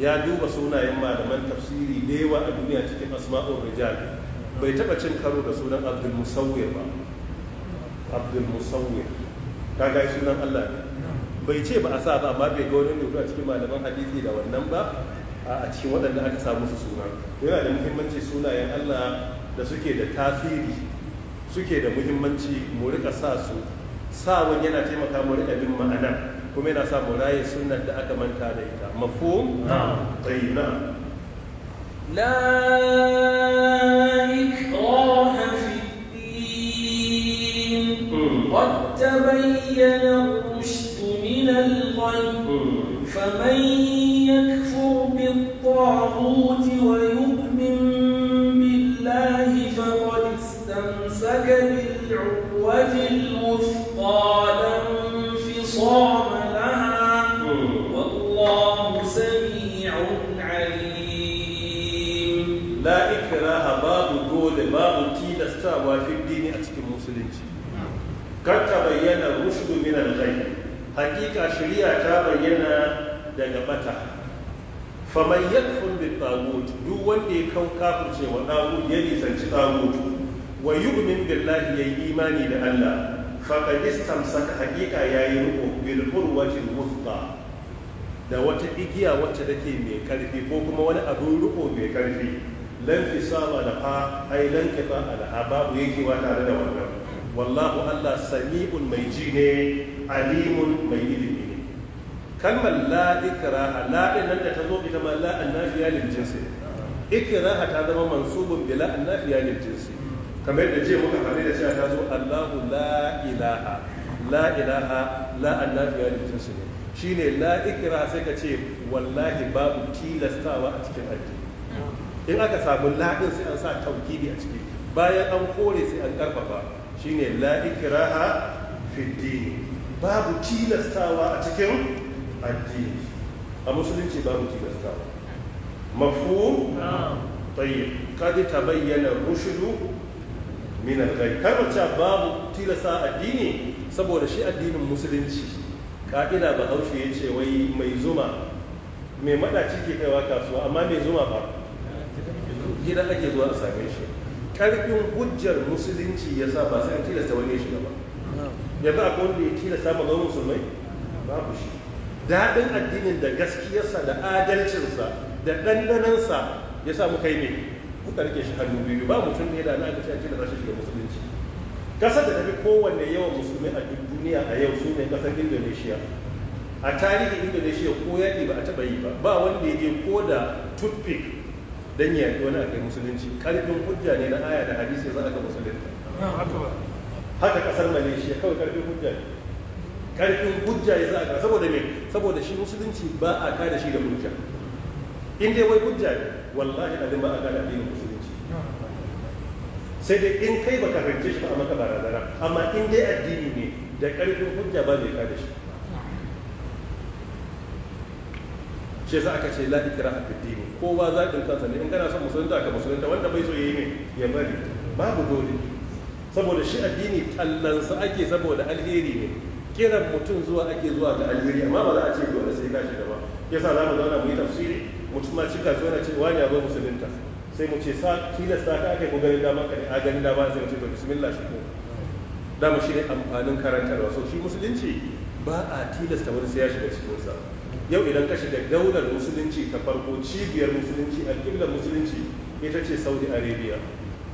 ya duba sunayen malaman tafsiri da yawa a duniya cikin asma'ul rijal bai taba cin karo da sunan abdul musawwir ba abdul musawwir ga sunan Allah ne bai ce ba a sa ba amma bai ga wani rubutu a cikin malaman hadisi da wannan ba a cikin waɗanda aka samu su suna yana da muhimmanci sunayen Allah da suke da tasiri suke da muhimmanci mu rika sa su sa wani yana taimaka mu rika bin ma'ana kuma yana sa mu raye sunnar da aka manta da ita mafhum tayyib na la ikraha fi din qad tabayyana rushd min al-ghayb faman yakfur bit-taghut wa yu'min billahi faqad istamsaka bil-'urwati tilastawa fi dini a cikin musulunci kar ta bayyana rushdu min al-ghayb hakika shari'a ta bayyana daga bata Fa man yakfur bi tagut duk wanda ya kau kafirce wa tagut ya nisanci tagut wa yu'min billahi yayi imani da Allah faqad istamsaka ya yayi ruku bil urwati wuthqa da wata igiya wacce take mai karfi ko kuma wani abin ruko mai karfi Lan lanfisama laha ai lankita laha babu yake wa tare da wannan wallahu Allah sami'un mai ji ne alimun mai ilimi ne kalmar la ikraha la din nan da ta zo ita ma la annafiya lil jinsi ikraha ta zama mansubun bila annafiya lil jinsi kamar da je muka fare da cewa ta zo Allahu la ilaha la ilaha la annafiya lil jinsi ne shine la ikraha sai ka ce wallahi babu tilastawa a cikin addini in aka samu la'in sai an sa taukidi a ciki bayan an kore sai an karfafa shine la'ikiraha ikraha babu tilastawa a cikin addini a musulunci babu tilastawa mafu tayyib kad tabayyana rushdu min al-ghayb kar babu tilasta addini saboda shi addinin musulunci ka'ida ba haushe yace wai mai zuma mai madaci ke kaiwa kasuwa amma mai zuma ba gidan ake zuwa a same shi karfin hujjar musulunci ya sa ba sai an tilasta wani shiga ba yanzu akwai wanda ya tilasta ma zama musulmai babu shi daɗin addinin da gaskiyarsa da adalcinsa da ɗanɗanansa ya sa muka yi ne kuka rike shi hannu biyu ba mutum ne da na aka ce a tilasta shi shiga musulunci ƙasar da tafi kowanne yawan musulmi a duk duniya a yau su ne ƙasar indonesia a tarihin indonesia ko yaƙi ba a taɓa yi ba ba wanda ya je ko da toothpick dan ya yi wani a kai musulunci karfin hujja ne na aya da hadisi za a ga musulunta haka kasar malaysia kawai karfin hujja ne karfin hujja ya za a ga saboda me saboda shi musulunci ba a kada shi da hujja in dai wai hujja ne wallahi abin ba a kada addinin musulunci sai dai in kai baka rance shi ba a maka barazana amma in dai addini ne da karfin hujja ba zai kada shi shi yasa aka ce la fi din kowa zaɓin kansa ne in kana son musulunta ka musulunta wanda bai so yayi ne ya bari babu dole saboda shi addini tallansa ake saboda alheri ne kiran mutum zuwa ake zuwa ga alheri amma ba za a ce dole sai ka gaba ba yasa za mu zauna mu yi tafsiri mutum ma cika zuwa ce wani ya zo musulunta sai mu ce sa tilasta ka aka yi ganin dama ka a ganin dama sai mu ce ba bismillah shi ko da shi ne amfanin karantarwa so shi musulunci ba a tilasta wani sai ya shiga cikin sa yau idan ka shiga daular musulunci ta farko cibiyar musulunci a kibla musulunci ita ce saudi arabia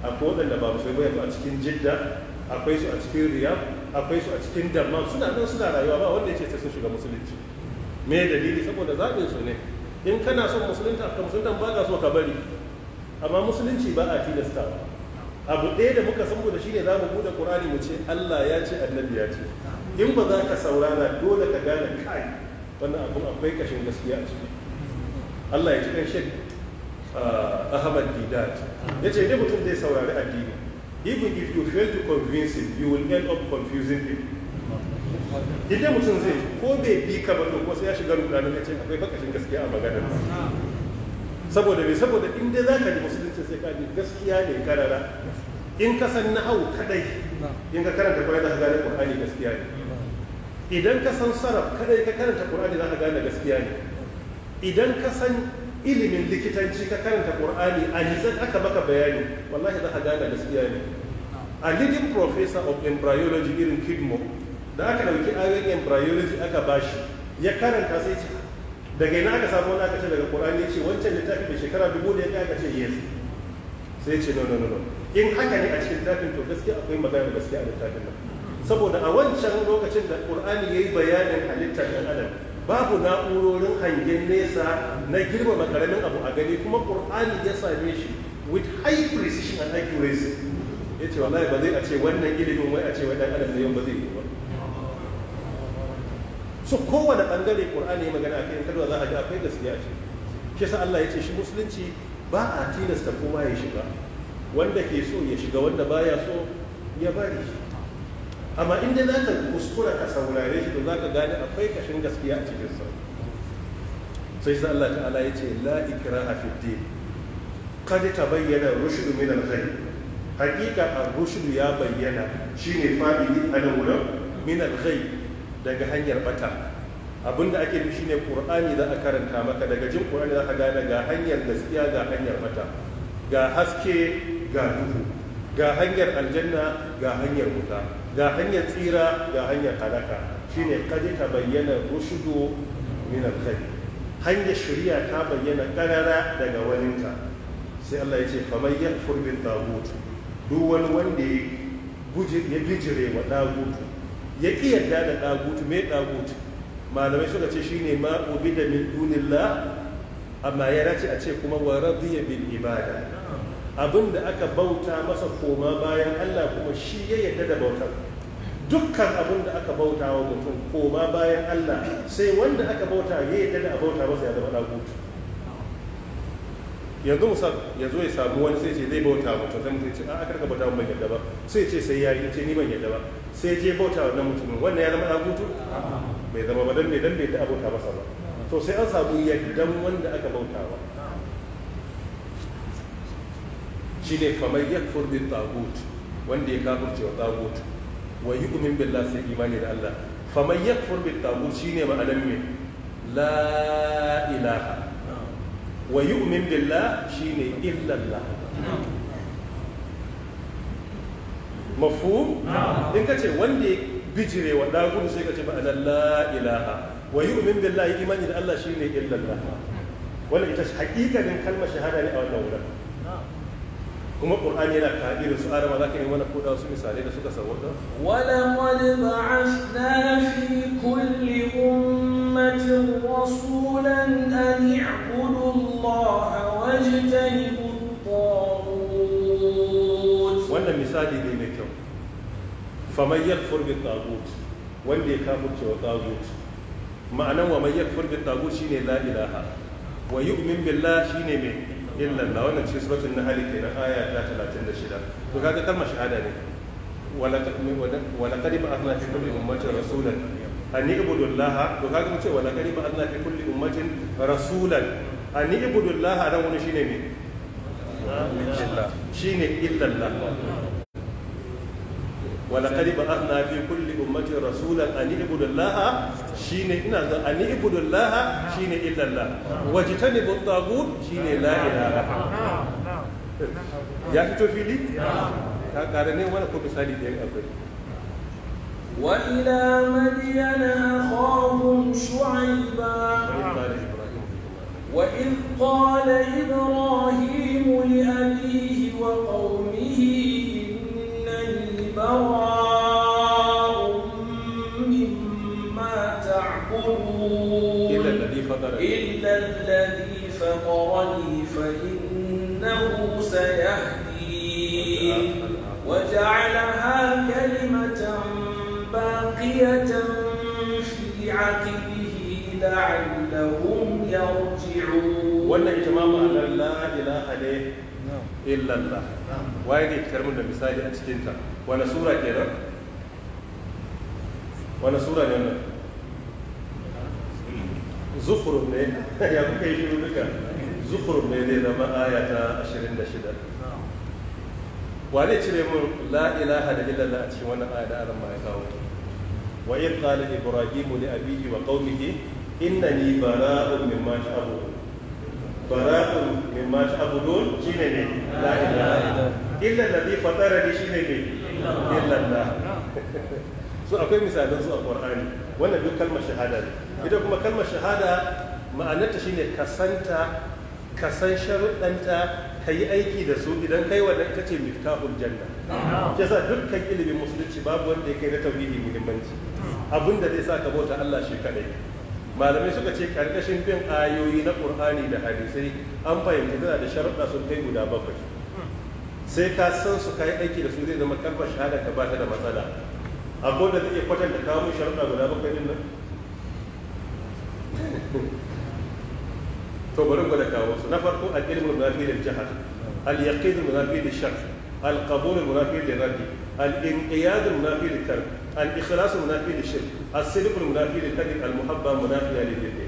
akwai waɗanda ba musulmai ba a cikin jidda akwai su a cikin riya akwai su a cikin damma suna nan suna rayuwa ba wanda ya ce sai sun shiga musulunci me dalili saboda zaɓin su ne in kana son musulunta ka musulunta ba ka so ka bari amma musulunci ba a tilasta abu ɗaya da muka san da shine za mu buɗe ƙur'ani mu ce Allah ya ce annabi ya ce in ba za ka saurara dole ka gane kai wannan abin akwai kashin gaskiya a ciki Allah ya ci ɗan shek ah, Ahmad Didat ya ce ne mutum zai saurari addini even if you fail to convince him you will end up confusing him idan mutum zai ko bai bi ka ba to ko sai ya shiga rudanin ya ce akwai bakashin gaskiya a maganar saboda me saboda in dai zaka ji musulunci sai ka ji gaskiya ne karara in ka san hau kadai in ka karanta kwarai da ka gane qur'ani gaskiya ne idan ka san sarraf kadai ka karanta qur'ani za ka gane gaskiya ne idan ka san ilimin likitanci ka karanta ƙur'ani, a nisan aka maka bayani wallahi za ka gane gaskiya ne a leading professor of embryology irin kidmo da aka ɗauki ayoyin embryology aka bashi ya karanta sai ce daga ina aka samu wani aka ce daga qur'ani ya ce wancan littafi da shekara dubu da ya aka ce yes sai ce no no no in haka ne a cikin littafin to gaskiya akwai magana gaskiya a littafin nan saboda a wancan lokacin da ƙur'ani ya yi bayanin halittar ɗan adam babu na'urorin hangen nesa na girma karamin abu a gani kuma ƙur'ani ya same shi with high precision and accuracy ya ce wallahi ba zai a ce wannan ilimin wai a ce wai adam yau ba zai yi ba so kowane ɓangare ƙur'ani ya magana a kai kada za a ga akwai gaskiya ce shi sa Allah ya ce shi musulunci ba a tilasta kowa ya shiga wanda ke so ya shiga wanda baya so ya bari shi amma inda za ka kuskura ka saurare shi to za ka gane akwai kashin gaskiya a cikin sa sai sa Allah ta'ala ya ce la ikraha fi din qad bayyana rushdu min al-ghayb hakika ar-rushdu ya bayyana shine fa'ili a nan wurin min al daga hanyar bata abinda ake nufi shine qur'ani za a karanta maka daga jin qur'ani za ka gane ga hanyar gaskiya ga hanyar bata ga haske ga duhu ga hanyar aljanna ga hanyar wuta ga hanyar tsira ga hanyar halaka shine kad ta bayyana rushudu min al hanyar shirya ta bayyana karara daga waninka. sai Allah ya ce faman yakfur bil tagut duk wani wanda ya ya wa tagut ya ƙi yarda da tagut mai tagut malamai suka ce shine ma ubida min dunillah amma ya dace a ce kuma wa radiya bil ibada abin da aka bauta masa koma bayan Allah kuma shi ya yarda da bautar dukkan abin da aka bauta wa mutum koma bayan Allah sai wanda aka bauta ya yarda da bauta masa ya zama ɗagutu yanzu musa ya zo ya samu wani sai ce zai bauta mutum sai mutum ce a aka ka bauta ban yadda ba sai ce sai ya yi ce ni ban yadda ba sai je bauta wannan mutumin wannan ya zama dagutu bai zama ba dan bai dan bai da abota masa ba to sai an samu yaddan wanda aka bauta ba shine kamar yakfur bi tagut wanda ya kafirce wa tagut wa yu'min billahi sai imani da Allah faman yakfur bi tagut shine ma'anar me la ilaha wa yu'min billah shine illa Allah mafu in ka ce wanda ya bijire wa dagun sai ka ce ma'anar la ilaha wa yu'min billahi imani da Allah shine illa Allah wannan ita hakikanin kalmar shahada ne a wannan wurin kuma qur'ani yana ka irin su arama ka yi mana koda wasu misalai da suka sabo ta? wala qad ba'athna fi kulli ummatin rasulan an i'budu allaha wajtanibu at-taghut wannan misali ne mai kyau faman yakfur bi taghut wanda ya kafirce wa taghut ma'anan wa man yakfur bi taghut shine la ilaha wa yu'min billah shine mai illallah wannan cikin suratul nahl kenan aya ta 36 to kaga kalmar shahada ne wala wala qad ba'athna fi kulli ummatin rasulan an ibudullaha to kaga mun ce wala qad ba'athna fi kulli ummatin rasulan an wani shine me shine walaqad ba'athna kulle kulli ummatin rasulan an ibudu allaha shine ina ga an ibudu allaha shine illa allah wajtanibu at-taghut shine la ya fito fili ta kare ne wani ko misali da وإلى مدين أخاهم شعيبا وإذ قال إبراهيم لأبيه وقومه براء مما تعبدون إلا الذي فطرني إلا الذي فطرني فإنه سيهدين وجعلها كلمة باقية في عقبه لعلهم يرجعون وأن إتمام على لا إله إلا illallah waye ne fitar mun da misali a cikinta ta wani sura kenan wani sura ne wannan zufurun ne *laughs* ya kuka yi shiru duka zufurun ne zai zama aya ta 26 wane cire mun la ilaha da illallah a cikin wannan aya da aran ma ya kawo wa in qala ibrahimu li abihi wa qaumihi innani bara'un mimma ta'budun bara'un mimma ta'budun shine ne la ilaha illa alladhi fatarani shine ne illa Allah *laughs* so akwai misalan su a Qur'ani wannan duk kalmar shahada ne ita kuma kalmar shahada ma'anarta shine kasanta san sharuɗanta ka yi aiki da su idan kai wannan ita ce miftahul janna sa dukkan ilimin musulunci babu wanda ya kai na tauhidi muhimmanci abinda zai sa ka bauta Allah shi kadai malamai suka ce karkashin bin ayoyi na ƙur'ani da hadisai an fahimci tana da sharuɗa sun kai guda bakwai sai ka san su kayi aiki da su zai zama kalmar shahada ka bata da matsala ko da zai kwatanta kawo sharuɗa guda bakwai din nan to bari gwada kawo su na farko a ilmin munafi da jihar al yaqin munafi da shak al qabul munafi da radi al inqiyad munafi da tark الإخلاص منافي للشرك الصدق منافي للكذب المحبة منافية للبر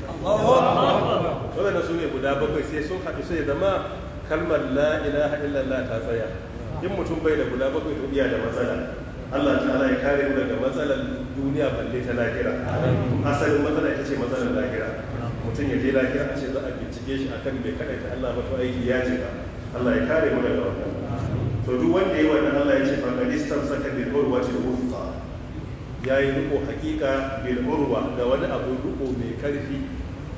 wannan su ne guda bakwai sai sun haɗu sai zama kalmar la ilaha illallah ta tsaya in mutum bai da guda bakwai to iya da matsala Allah ta'ala ya kare mu daga matsalar duniya balle ta lahira asalin matsala ita ce matsalar lahira mutum ya je lahira a ce za a bincike shi akan bai kaɗaita Allah ba to aiki ya ba Allah ya kare mu daga wannan to duk wanda ya yi wannan Allah ya ce fa qadistam saka bil urwati al-wuthqa ya yi riko hakika bil urwa da wani abu riko mai karfi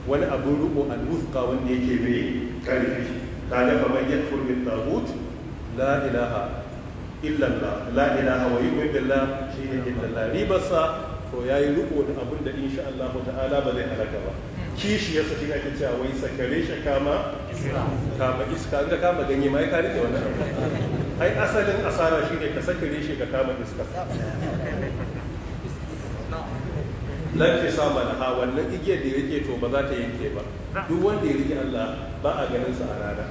wani abu riko al wuska wanda yake mai karfi ta dafa yakfur bil tagut la ilaha illallah la ilaha wa yu'min billah ne illallah ribarsa to yayi riko da abin da insha Allah ta'ala ba zai halaka ba kishi ya saki ake cewa wai sakare shi kama kama iska ga kama ganye mai ka rike wannan ai asalin asara shine ka sakare shi ka kama iska lafi sama da ha wannan igiyar da ya to ba za ta yanke ba duk wanda ya rike Allah ba a ganin sa a rana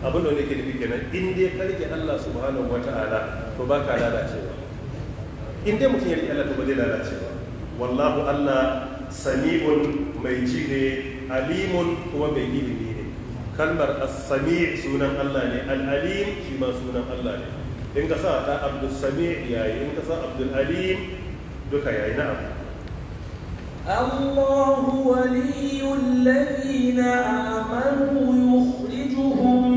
abin da yake nufi kenan in dai ka rike Allah subhanahu wata'ala to ba ka lalacewa in dai mutum ya rike Allah to ba zai lalacewa wallahu Allah sami'un mai ji ne alimun kuma mai ilimi ne kalmar as-sami' sunan Allah ne al-alim shi ma sunan Allah ne in ka sa ta abdul sami' yayi in ka sa abdul alim duka yayi na'am الله ولي الذين آمنوا يخرجهم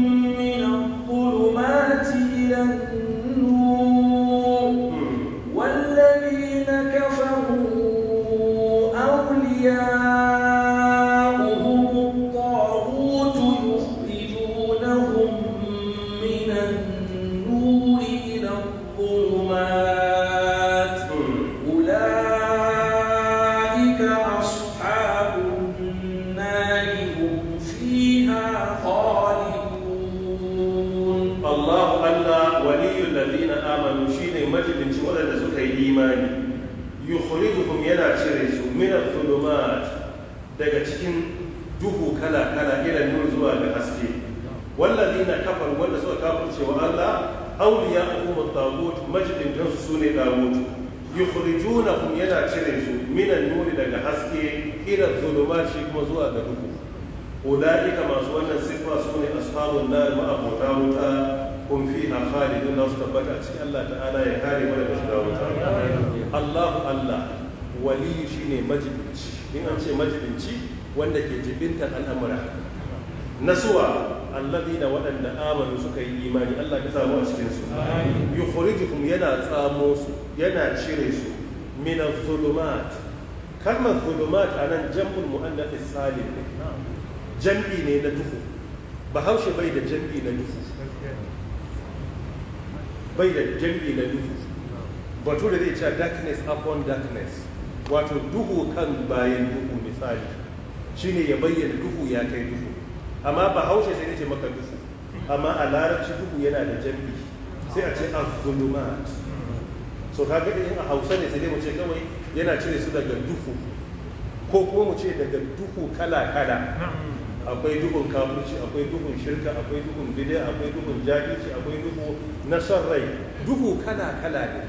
yunzilunahum yana cire su minan nuni daga haske ila zulumat shi kuma zuwa ga duhu ulaika masu wannan sifa sune ashabun nar ma abota wuta kun fiha khalidun la tabbata ci Allah ta'ala ya kare mana da shiga wuta allahu Allah wali shine majibinci in an ce majibinci wanda ke jibintar al'amura nasuwa alladina waɗanda amanu suka yi imani Allah ka samu a cikin su yukhrijukum yana tsamo su yana cire su min kalma zulumat kalmar zulumat anan jam'ul muannath salim ne jam'i ne na duhu bahaushe bai da jam'i na duhu bai da jam'i na duhu zai ce darkness upon darkness wato duhu kan bayan duhu misali shine ya bayyana duhu ya kai duhu amma bahaushe sai ce maka duhu amma a larabci duhu yana da jam'i sai a ce az-zulumat so kaga in a hausa ne sai dai mu ce kawai yana cire su daga duhu ko kuma mu ce daga duhu kala kala akwai duhun kafirci akwai duhun shirka akwai duhun bid'a akwai duhun jahilci akwai duhu na son rai duhu kala kala ne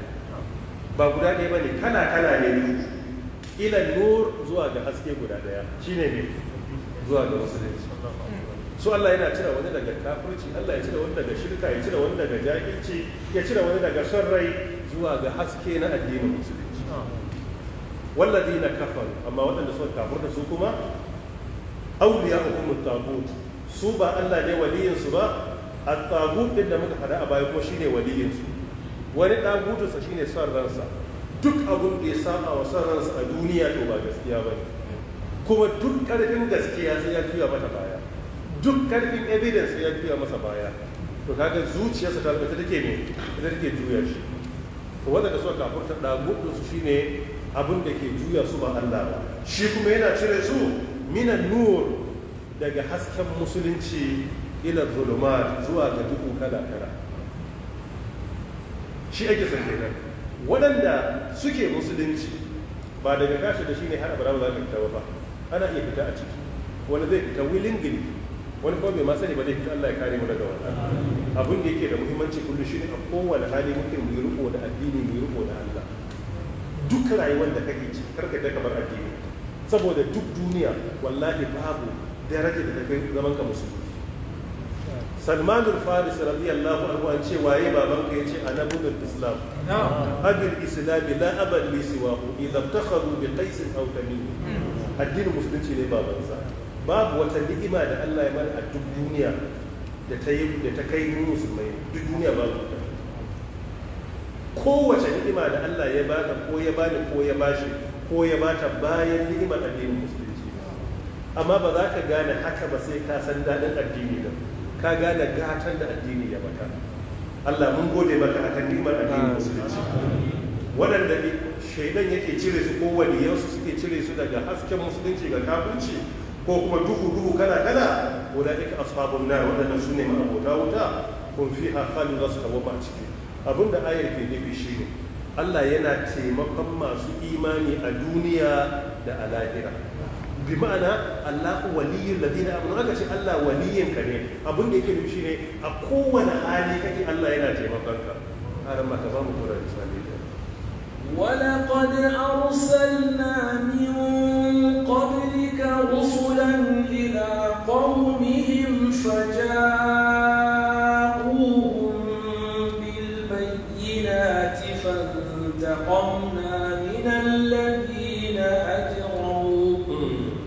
ba guda ɗaya bane kala kala ne ila nur zuwa ga haske guda ɗaya shine ne zuwa ga musulunci su Allah yana cire wani daga kafirci Allah ya cire wani daga shirka ya cire wani daga jahilci ya cire wani daga son rai zuwa ga haske na addinin musulunci wallazi na kafar amma waɗanda suka kafar da su kuma auliya hukumar tagut su ba Allah ne waliyinsu ba a tagut din da muka faɗa a baya kuma shine waliyinsu wani tagutunsa shine son ransa duk abun da ya saba wa son ransa a duniya to ba gaskiya ba kuma duk ƙarfin gaskiya sai ya juya mata baya duk ƙarfin evidence sai ya juya masa baya to kaga zuciyarsa ta take ne ita take juya shi wanda da suka kafurta ɗagudun su shine abin da ke juya su ba Allah ba shi kuma yana cire su minan nur daga hasken musulunci ila zulumat zuwa ga duk kala kala shi ake san nan waɗanda suke musulunci ba daga kashi da shine har abara ba za ka fita ba ana iya fita a ciki wani zai fita willingly wani kuma bai ma sani ba laifin Allah ya kare mu daga wannan abin da yake da muhimmanci kullum shi ne a kowane hali muke mu riko da addini mu yi riko da Allah duk rayuwar da kake ci karka da kamar addini saboda duk duniya wallahi babu daraja da kai zaman ka musulmi Salman al-Faris radiyallahu anhu an ce waye baban ka yace ana budul Islam abil Islam la abad li siwahu idza takhadu bi qais aw tamim hmm. addinin musulunci ne babansa babu wata ni'ima da Allah ya mana a duk duniya da ta yi da ta kai mu musulmai duk duniya babu ta kowace ni'ima da Allah ya baka ko ya bani ko ya bashi ko ya bata bayan ni'imar addinin musulunci amma ba za ka gane haka ba sai ka san daɗin addini da ka gane gatan da addini ya baka Allah mun gode maka akan ni'imar addinin musulunci waɗanda shaidan yake cire su ko waliyansu suke cire su daga hasken musulunci ga kafirci ko kuma duhu duhu kana kana ulaika ashabun na wadannan sune ma abota wuta kun fiha khalidun tawaba ciki abinda ayar ke nufi shine Allah yana taimakon masu imani a duniya da a lahira bi ma'ana Allah waliyyul ladina abin aka ce Allah waliyyin ka ne abin da yake nufi ne, a kowane hali kake Allah yana taimakon ka har ma ka ba mu kura da sami ولقد أرسلنا من قبلك رسلا إلى قومهم فجاءوهم بالبينات فانتقمنا من الذين أجرموا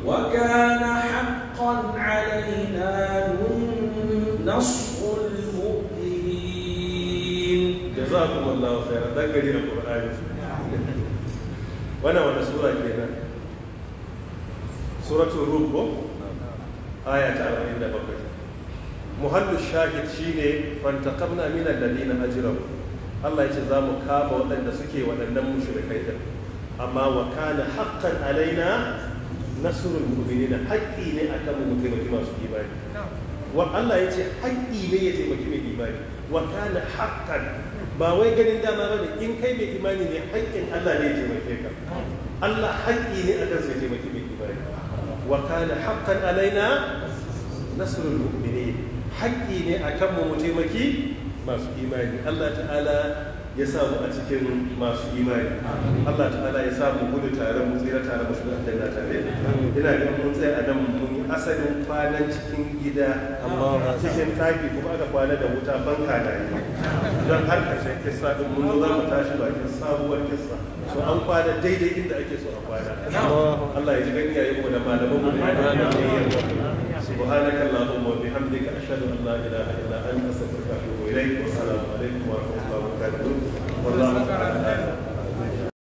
وكان حقا علينا نصر المؤمنين جزاكم الله خيرا ذكرنا القرآن wana wana sura kenan suratul rum ko aya ta 47 muhallu shahid shine fantaqamna min na ajramu Allah yace za mu kama waɗanda suke waɗannan mushrikai din amma wa kana haqqan alaina nasrul mu'minina haqqi ne akan mu mutum masu imani wa Allah ya ce haƙƙi ne ya taimaki mai imani wa kana ba wai ganin dama ba ne in kai mai imani ne haƙƙin Allah ne ya taimake ka Allah haƙƙi ne a kansa ya taimaki mai imani wa kana haqqan alaina nasrul mu'minin haƙƙi ne a kan mu taimaki masu imani Allah ta'ala ya sa mu a cikin masu imani Allah ta'ala ya sa mu gudu tare mu tsira tare mu shiga aljanna tare ina ga mun tsaya a nan mun yi asalin kwanan cikin gida cikin taki kuma aka kwana da wuta banka da yi don har kashe kissa din mun zo mu tashi bakin sabuwar kissa so an kwana daidai inda ake so a kwana Allah ya ji gani yayin mu da malaman mu da yayin سبحانك اللهم وبحمدك اشهد ان لا اله الا انت استغفرك واتوب اليك والسلام عليكم ورحمه الله وبركاته that group.